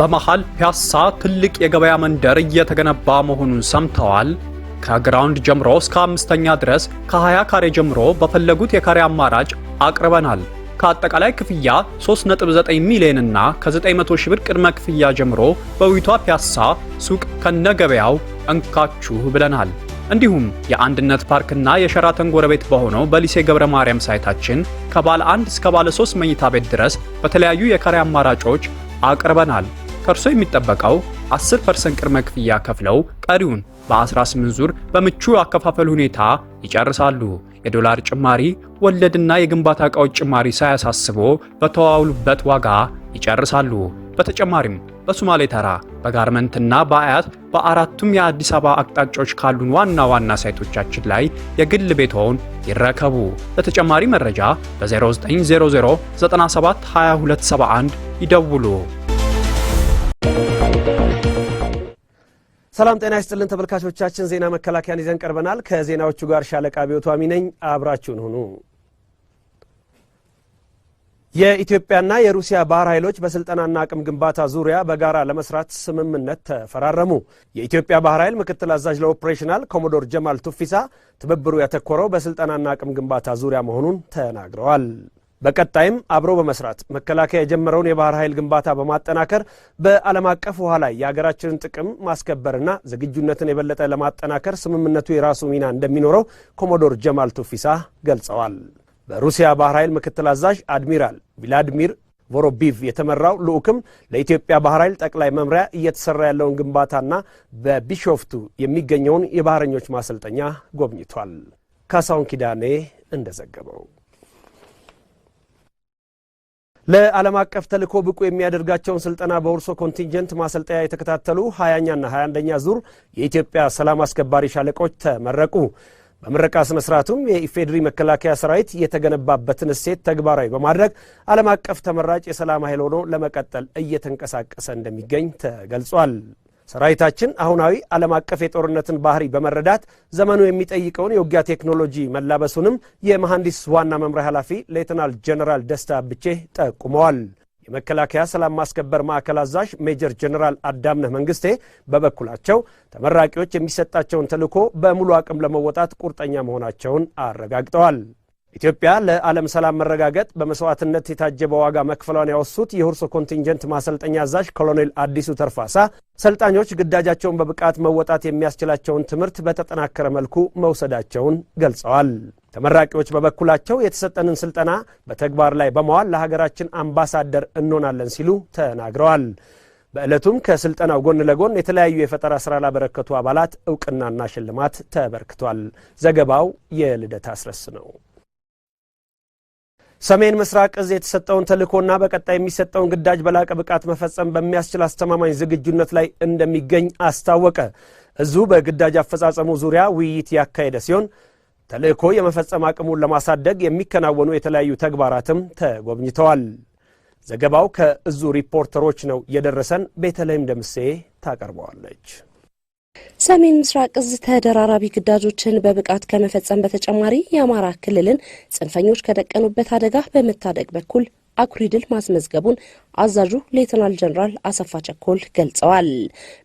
በመሃል ፒያሳ ትልቅ የገበያ መንደር እየተገነባ መሆኑን ሰምተዋል? ከግራውንድ ጀምሮ እስከ አምስተኛ ድረስ ከ20 ካሬ ጀምሮ በፈለጉት የካሬ አማራጭ አቅርበናል። ከአጠቃላይ ክፍያ 3.9 ሚሊዮን እና ከ900 ሺህ ብር ቅድመ ክፍያ ጀምሮ በውቢቷ ፒያሳ ሱቅ ከነገበያው እንካችሁ ብለናል። እንዲሁም የአንድነት ፓርክና የሸራተን ጎረቤት በሆነው በሊሴ ገብረ ማርያም ሳይታችን ከባለ አንድ እስከ ባለ ሶስት መኝታ ቤት ድረስ በተለያዩ የካሬ አማራጮች አቅርበናል። ከእርሶ የሚጠበቀው 10% ቅድመ ክፍያ ከፍለው ቀሪውን በ18 ዙር በምቹ አከፋፈል ሁኔታ ይጨርሳሉ። የዶላር ጭማሪ፣ ወለድና የግንባታ እቃዎች ጭማሪ ሳያሳስቦ በተዋውሉበት ዋጋ ይጨርሳሉ። በተጨማሪም በሱማሌ ተራ፣ በጋርመንትና በአያት በአራቱም የአዲስ አበባ አቅጣጫዎች ካሉን ዋና ዋና ሳይቶቻችን ላይ የግል ቤትዎን ይረከቡ። ለተጨማሪ መረጃ በ 0900972271 ይደውሉ። ሰላም ጤና ይስጥልን ተመልካቾቻችን፣ ዜና መከላከያን ይዘን ቀርበናል። ከዜናዎቹ ጋር ሻለቃ ቢዮቷሚ አሚነኝ አብራችሁን ሁኑ። የኢትዮጵያና የሩሲያ ባህር ኃይሎች በስልጠናና አቅም ግንባታ ዙሪያ በጋራ ለመስራት ስምምነት ተፈራረሙ። የኢትዮጵያ ባህር ኃይል ምክትል አዛዥ ለኦፕሬሽናል ኮሞዶር ጀማል ቱፊሳ ትብብሩ ያተኮረው በስልጠናና አቅም ግንባታ ዙሪያ መሆኑን ተናግረዋል። በቀጣይም አብሮ በመስራት መከላከያ የጀመረውን የባህር ኃይል ግንባታ በማጠናከር በዓለም አቀፍ ውሃ ላይ የሀገራችንን ጥቅም ማስከበርና ዝግጁነትን የበለጠ ለማጠናከር ስምምነቱ የራሱ ሚና እንደሚኖረው ኮሞዶር ጀማል ቱፊሳ ገልጸዋል። በሩሲያ ባህር ኃይል ምክትል አዛዥ አድሚራል ቪላድሚር ቮሮቢቭ የተመራው ልዑክም ለኢትዮጵያ ባህር ኃይል ጠቅላይ መምሪያ እየተሰራ ያለውን ግንባታና በቢሾፍቱ የሚገኘውን የባህረኞች ማሰልጠኛ ጎብኝቷል። ካሳውን ኪዳኔ እንደዘገበው ለዓለም አቀፍ ተልእኮ ብቁ የሚያደርጋቸውን ስልጠና በውርሶ ኮንቲንጀንት ማሰልጠያ የተከታተሉ ሀያኛና 21ኛ ዙር የኢትዮጵያ ሰላም አስከባሪ ሻለቆች ተመረቁ። በምረቃ ስነ ስርዓቱም የኢፌዴሪ መከላከያ ሰራዊት የተገነባበትን እሴት ተግባራዊ በማድረግ ዓለም አቀፍ ተመራጭ የሰላም ኃይል ሆኖ ለመቀጠል እየተንቀሳቀሰ እንደሚገኝ ተገልጿል። ሰራዊታችን አሁናዊ ዓለም አቀፍ የጦርነትን ባህሪ በመረዳት ዘመኑ የሚጠይቀውን የውጊያ ቴክኖሎጂ መላበሱንም የመሐንዲስ ዋና መምሪያ ኃላፊ ሌተናል ጀነራል ደስታ ብቼ ጠቁመዋል። የመከላከያ ሰላም ማስከበር ማዕከል አዛዥ ሜጀር ጀነራል አዳምነህ መንግስቴ በበኩላቸው ተመራቂዎች የሚሰጣቸውን ተልዕኮ በሙሉ አቅም ለመወጣት ቁርጠኛ መሆናቸውን አረጋግጠዋል። ኢትዮጵያ ለዓለም ሰላም መረጋገጥ በመስዋዕትነት የታጀበ ዋጋ መክፈሏን ያወሱት የሁርሶ ኮንቲንጀንት ማሰልጠኛ አዛዥ ኮሎኔል አዲሱ ተርፋሳ ሰልጣኞች ግዳጃቸውን በብቃት መወጣት የሚያስችላቸውን ትምህርት በተጠናከረ መልኩ መውሰዳቸውን ገልጸዋል። ተመራቂዎች በበኩላቸው የተሰጠንን ስልጠና በተግባር ላይ በመዋል ለሀገራችን አምባሳደር እንሆናለን ሲሉ ተናግረዋል። በዕለቱም ከስልጠናው ጎን ለጎን የተለያዩ የፈጠራ ስራ ላበረከቱ አባላት እውቅናና ሽልማት ተበርክቷል። ዘገባው የልደት አስረስ ነው። ሰሜን ምስራቅ እዝ የተሰጠውን ተልእኮና በቀጣይ የሚሰጠውን ግዳጅ በላቀ ብቃት መፈጸም በሚያስችል አስተማማኝ ዝግጁነት ላይ እንደሚገኝ አስታወቀ። እዙ በግዳጅ አፈጻጸሙ ዙሪያ ውይይት ያካሄደ ሲሆን ተልእኮ የመፈጸም አቅሙን ለማሳደግ የሚከናወኑ የተለያዩ ተግባራትም ተጎብኝተዋል። ዘገባው ከእዙ ሪፖርተሮች ነው የደረሰን። ቤተልሔም ደምሴ ታቀርበዋለች። ሰሜን ምስራቅ እዝ ተደራራቢ ግዳጆችን በብቃት ከመፈጸም በተጨማሪ የአማራ ክልልን ጽንፈኞች ከደቀኑበት አደጋ በመታደግ በኩል አኩሪ ድል ማስመዝገቡን አዛዡ ሌተናል ጀኔራል አሰፋ ቸኮል ገልጸዋል።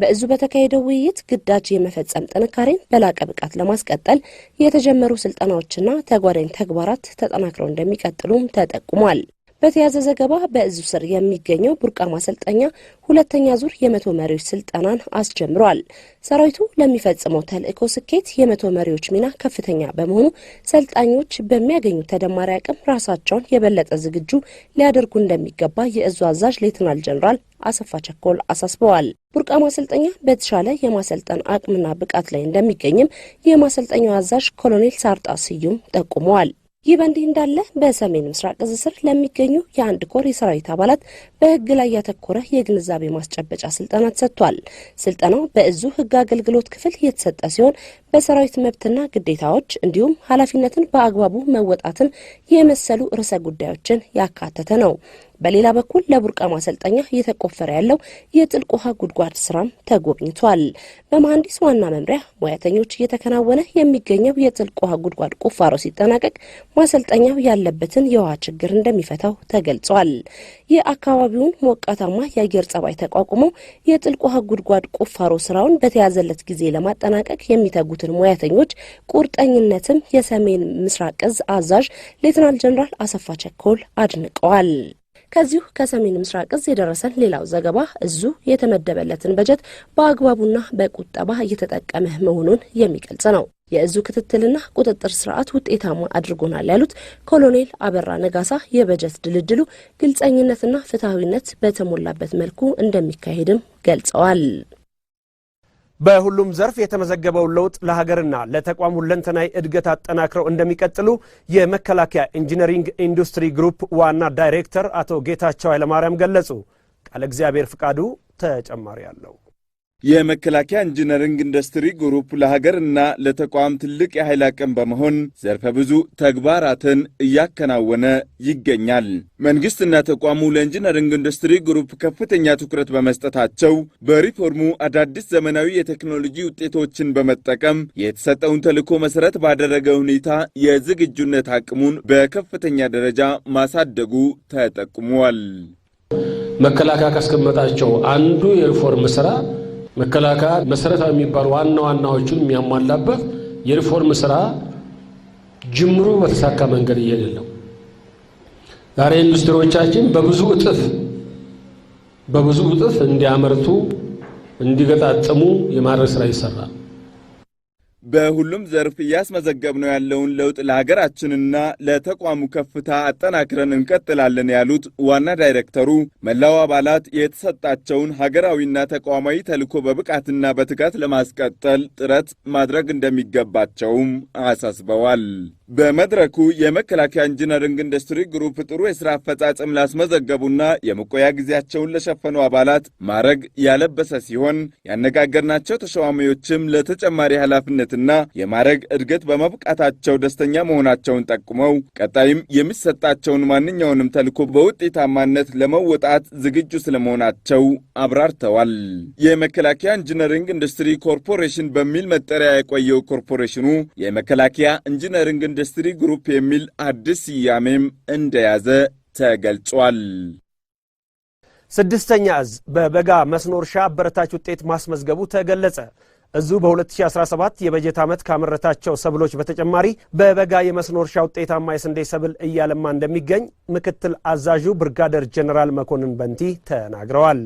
በእዙ በተካሄደው ውይይት ግዳጅ የመፈጸም ጥንካሬን በላቀ ብቃት ለማስቀጠል የተጀመሩ ስልጠናዎችና ተጓዳኝ ተግባራት ተጠናክረው እንደሚቀጥሉም ተጠቁሟል። በተያዘ ዘገባ በእዙ ስር የሚገኘው ቡርቃ ማሰልጠኛ ሁለተኛ ዙር የመቶ መሪዎች ስልጠናን አስጀምረዋል። ሰራዊቱ ለሚፈጽመው ተልእኮ ስኬት የመቶ መሪዎች ሚና ከፍተኛ በመሆኑ ሰልጣኞች በሚያገኙ ተደማሪ አቅም ራሳቸውን የበለጠ ዝግጁ ሊያደርጉ እንደሚገባ የእዙ አዛዥ ሌትናል ጀኔራል አሰፋ ቸኮል አሳስበዋል። ቡርቃ ማሰልጠኛ በተሻለ የማሰልጠን አቅምና ብቃት ላይ እንደሚገኝም የማሰልጠኛው አዛዥ ኮሎኔል ሳርጣ ስዩም ጠቁመዋል። ይህ በእንዲህ እንዳለ በሰሜን ምስራቅ እዝ ስር ለሚገኙ የአንድ ኮር የሰራዊት አባላት በህግ ላይ ያተኮረ የግንዛቤ ማስጨበጫ ስልጠና ተሰጥቷል። ስልጠናው በእዙ ህግ አገልግሎት ክፍል የተሰጠ ሲሆን በሰራዊት መብትና ግዴታዎች እንዲሁም ኃላፊነትን በአግባቡ መወጣትን የመሰሉ ርዕሰ ጉዳዮችን ያካተተ ነው። በሌላ በኩል ለቡርቃ ማሰልጠኛ እየተቆፈረ ያለው የጥልቅ ውሃ ጉድጓድ ስራም ተጎብኝቷል። በመሐንዲስ ዋና መምሪያ ሙያተኞች እየተከናወነ የሚገኘው የጥልቅ ውሃ ጉድጓድ ቁፋሮ ሲጠናቀቅ ማሰልጠኛው ያለበትን የውሃ ችግር እንደሚፈታው ተገልጿል። የአካባቢውን ሞቃታማ የአየር ጸባይ ተቋቁመው የጥልቅ ውሃ ጉድጓድ ቁፋሮ ስራውን በተያዘለት ጊዜ ለማጠናቀቅ የሚተጉትን ሙያተኞች ቁርጠኝነትም የሰሜን ምስራቅ እዝ አዛዥ ሌትናል ጀኔራል አሰፋ ቸኮል አድንቀዋል። ከዚሁ ከሰሜን ምስራቅ እዝ የደረሰን ሌላው ዘገባ እዙ የተመደበለትን በጀት በአግባቡና በቁጠባ እየተጠቀመ መሆኑን የሚገልጽ ነው። የእዙ ክትትልና ቁጥጥር ስርዓት ውጤታማ አድርጎናል ያሉት ኮሎኔል አበራ ነጋሳ የበጀት ድልድሉ ግልጸኝነትና ፍትሐዊነት በተሞላበት መልኩ እንደሚካሄድም ገልጸዋል። በሁሉም ዘርፍ የተመዘገበው ለውጥ ለሀገርና ለተቋም ሁለንተናዊ እድገት አጠናክረው እንደሚቀጥሉ የመከላከያ ኢንጂነሪንግ ኢንዱስትሪ ግሩፕ ዋና ዳይሬክተር አቶ ጌታቸው ኃይለማርያም ገለጹ። ቃለ እግዚአብሔር ፍቃዱ ተጨማሪ አለው። የመከላከያ ኢንጂነሪንግ ኢንዱስትሪ ግሩፕ ለሀገር እና ለተቋም ትልቅ የኃይል አቅም በመሆን ዘርፈ ብዙ ተግባራትን እያከናወነ ይገኛል። መንግስትና ተቋሙ ለኢንጂነሪንግ ኢንዱስትሪ ግሩፕ ከፍተኛ ትኩረት በመስጠታቸው በሪፎርሙ አዳዲስ ዘመናዊ የቴክኖሎጂ ውጤቶችን በመጠቀም የተሰጠውን ተልዕኮ መሰረት ባደረገ ሁኔታ የዝግጁነት አቅሙን በከፍተኛ ደረጃ ማሳደጉ ተጠቁሟል። መከላከያ ካስቀመጣቸው አንዱ የሪፎርም ስራ መከላከያ መሰረታዊ የሚባሉ ዋና ዋናዎቹን የሚያሟላበት የሪፎርም ስራ ጅምሩ በተሳካ መንገድ እየሄደ ነው። ዛሬ ኢንዱስትሪዎቻችን በብዙ እጥፍ በብዙ እጥፍ እንዲያመርቱ እንዲገጣጥሙ የማድረግ ስራ ይሰራል። በሁሉም ዘርፍ እያስመዘገብነው ያለውን ለውጥ ለሀገራችንና ለተቋሙ ከፍታ አጠናክረን እንቀጥላለን ያሉት ዋና ዳይሬክተሩ መላው አባላት የተሰጣቸውን ሀገራዊና ተቋማዊ ተልዕኮ በብቃትና በትጋት ለማስቀጠል ጥረት ማድረግ እንደሚገባቸውም አሳስበዋል። በመድረኩ የመከላከያ ኢንጂነሪንግ ኢንዱስትሪ ግሩፕ ጥሩ የሥራ አፈጻጸም ላስመዘገቡና የመቆያ ጊዜያቸውን ለሸፈኑ አባላት ማዕረግ ያለበሰ ሲሆን ያነጋገርናቸው ተሸዋሚዎችም ለተጨማሪ ኃላፊነትና የማዕረግ እድገት በመብቃታቸው ደስተኛ መሆናቸውን ጠቁመው ቀጣይም የሚሰጣቸውን ማንኛውንም ተልዕኮ በውጤታማነት ለመወጣት ዝግጁ ስለመሆናቸው አብራርተዋል። የመከላከያ ኢንጂነሪንግ ኢንዱስትሪ ኮርፖሬሽን በሚል መጠሪያ የቆየው ኮርፖሬሽኑ የመከላከያ ኢንጂነሪንግ ኢንዱስትሪ ግሩፕ የሚል አዲስ ስያሜም እንደያዘ ተገልጿል። ስድስተኛ እዝ በበጋ መስኖ እርሻ አበረታች ውጤት ማስመዝገቡ ተገለጸ። እዙ በ2017 የበጀት ዓመት ካመረታቸው ሰብሎች በተጨማሪ በበጋ የመስኖ እርሻ ውጤታማ የስንዴ ሰብል እያለማ እንደሚገኝ ምክትል አዛዡ ብርጋደር ጀኔራል መኮንን በንቲ ተናግረዋል።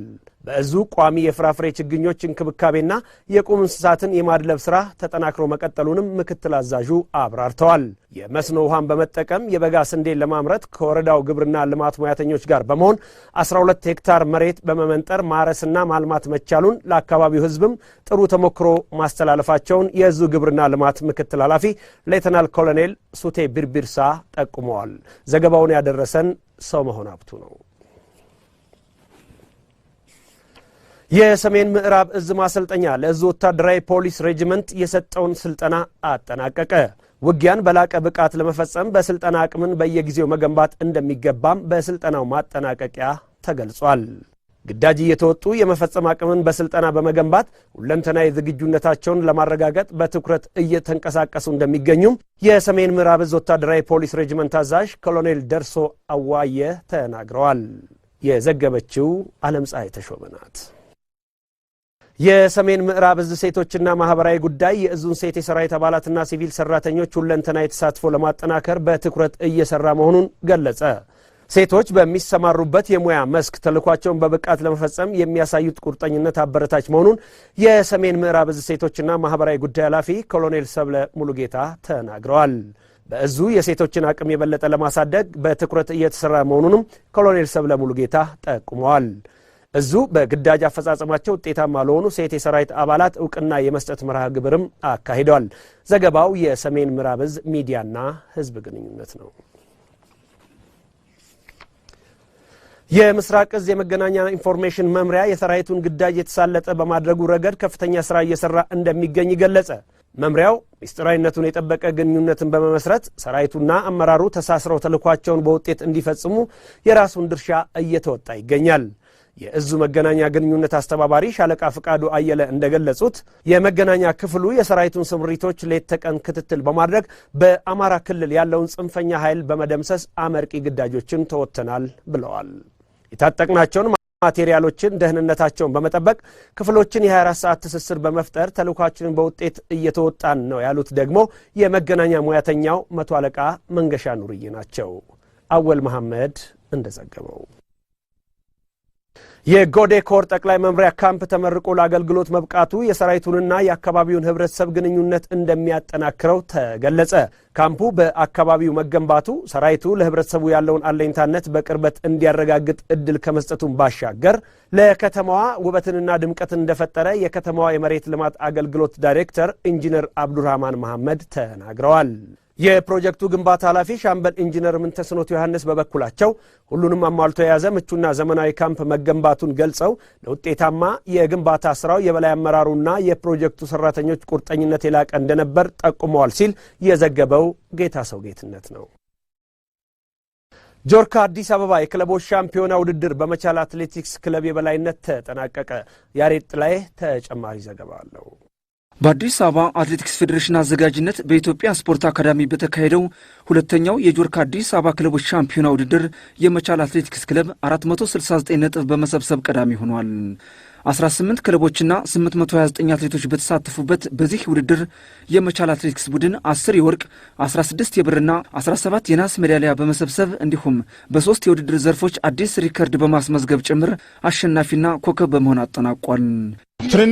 በእዙ ቋሚ የፍራፍሬ ችግኞች እንክብካቤና የቁም እንስሳትን የማድለብ ስራ ተጠናክሮ መቀጠሉንም ምክትል አዛዡ አብራርተዋል። የመስኖ ውሃን በመጠቀም የበጋ ስንዴን ለማምረት ከወረዳው ግብርና ልማት ሙያተኞች ጋር በመሆን 12 ሄክታር መሬት በመመንጠር ማረስና ማልማት መቻሉን ለአካባቢው ሕዝብም ጥሩ ተሞክሮ ማስተላለፋቸውን የእዙ ግብርና ልማት ምክትል ኃላፊ ሌተናል ኮሎኔል ሱቴ ቢርቢርሳ ጠቁመዋል። ዘገባውን ያደረሰን ሰው መሆን ሀብቱ ነው። የሰሜን ምዕራብ እዝ ማሰልጠኛ ለእዝ ወታደራዊ ፖሊስ ሬጅመንት የሰጠውን ስልጠና አጠናቀቀ። ውጊያን በላቀ ብቃት ለመፈጸም በስልጠና አቅምን በየጊዜው መገንባት እንደሚገባም በስልጠናው ማጠናቀቂያ ተገልጿል። ግዳጅ እየተወጡ የመፈጸም አቅምን በስልጠና በመገንባት ሁለንተናዊ ዝግጁነታቸውን ለማረጋገጥ በትኩረት እየተንቀሳቀሱ እንደሚገኙም የሰሜን ምዕራብ እዝ ወታደራዊ ፖሊስ ሬጅመንት አዛዥ ኮሎኔል ደርሶ አዋየ ተናግረዋል። የዘገበችው ዓለም ፀሐይ ተሾመ የሰሜን ምዕራብ እዝ ሴቶችና ማህበራዊ ጉዳይ የእዙን ሴት የሰራዊት አባላትና ሲቪል ሰራተኞች ሁለንተና የተሳትፎ ለማጠናከር በትኩረት እየሰራ መሆኑን ገለጸ። ሴቶች በሚሰማሩበት የሙያ መስክ ተልኳቸውን በብቃት ለመፈጸም የሚያሳዩት ቁርጠኝነት አበረታች መሆኑን የሰሜን ምዕራብ እዝ ሴቶችና ማህበራዊ ጉዳይ ኃላፊ ኮሎኔል ሰብለ ሙሉጌታ ተናግረዋል። በእዙ የሴቶችን አቅም የበለጠ ለማሳደግ በትኩረት እየተሰራ መሆኑንም ኮሎኔል ሰብለ ሙሉጌታ ጠቁመዋል። እዙ በግዳጅ አፈጻጸማቸው ውጤታማ ለሆኑ ሴት የሰራዊት አባላት እውቅና የመስጠት መርሃ ግብርም አካሂደዋል። ዘገባው የሰሜን ምዕራብ እዝ ሚዲያና ህዝብ ግንኙነት ነው። የምስራቅ እዝ የመገናኛ ኢንፎርሜሽን መምሪያ የሰራዊቱን ግዳጅ የተሳለጠ በማድረጉ ረገድ ከፍተኛ ስራ እየሰራ እንደሚገኝ ገለጸ። መምሪያው ሚስጢራዊነቱን የጠበቀ ግንኙነትን በመመስረት ሰራዊቱና አመራሩ ተሳስረው ተልኳቸውን በውጤት እንዲፈጽሙ የራሱን ድርሻ እየተወጣ ይገኛል። የእዙ መገናኛ ግንኙነት አስተባባሪ ሻለቃ ፍቃዱ አየለ እንደገለጹት የመገናኛ ክፍሉ የሰራዊቱን ስምሪቶች ሌት ተቀን ክትትል በማድረግ በአማራ ክልል ያለውን ጽንፈኛ ኃይል በመደምሰስ አመርቂ ግዳጆችን ተወጥተናል ብለዋል። የታጠቅናቸውን ማቴሪያሎችን ደህንነታቸውን በመጠበቅ ክፍሎችን የ24 ሰዓት ትስስር በመፍጠር ተልኳችንን በውጤት እየተወጣን ነው ያሉት ደግሞ የመገናኛ ሙያተኛው መቶ አለቃ መንገሻ ኑርዬ ናቸው። አወል መሐመድ እንደዘገበው የጎዴኮር ጠቅላይ መምሪያ ካምፕ ተመርቆ ለአገልግሎት መብቃቱ የሰራዊቱንና የአካባቢውን ህብረተሰብ ግንኙነት እንደሚያጠናክረው ተገለጸ። ካምፑ በአካባቢው መገንባቱ ሰራዊቱ ለህብረተሰቡ ያለውን አለኝታነት በቅርበት እንዲያረጋግጥ እድል ከመስጠቱን ባሻገር ለከተማዋ ውበትንና ድምቀትን እንደፈጠረ የከተማዋ የመሬት ልማት አገልግሎት ዳይሬክተር ኢንጂነር አብዱራህማን መሐመድ ተናግረዋል። የፕሮጀክቱ ግንባታ ኃላፊ ሻምበል ኢንጂነር ምንተስኖት ዮሐንስ በበኩላቸው ሁሉንም አሟልቶ የያዘ ምቹና ዘመናዊ ካምፕ መገንባቱን ገልጸው ለውጤታማ የግንባታ ስራው የበላይ አመራሩና የፕሮጀክቱ ሰራተኞች ቁርጠኝነት የላቀ እንደነበር ጠቁመዋል ሲል የዘገበው ጌታ ሰው ጌትነት ነው። ጆርካ አዲስ አበባ የክለቦች ሻምፒዮና ውድድር በመቻል አትሌቲክስ ክለብ የበላይነት ተጠናቀቀ። ያሬድ ጥላዬ ተጨማሪ ዘገባ አለው። በአዲስ አበባ አትሌቲክስ ፌዴሬሽን አዘጋጅነት በኢትዮጵያ ስፖርት አካዳሚ በተካሄደው ሁለተኛው የጆርክ አዲስ አበባ ክለቦች ሻምፒዮና ውድድር የመቻል አትሌቲክስ ክለብ 469 ነጥብ በመሰብሰብ ቀዳሚ ሆኗል። 18 ክለቦችና 829 አትሌቶች በተሳተፉበት በዚህ ውድድር የመቻል አትሌቲክስ ቡድን 10 የወርቅ፣ 16 የብርና 17 የናስ ሜዳሊያ በመሰብሰብ እንዲሁም በሦስት የውድድር ዘርፎች አዲስ ሪከርድ በማስመዝገብ ጭምር አሸናፊና ኮከብ በመሆን አጠናቋል።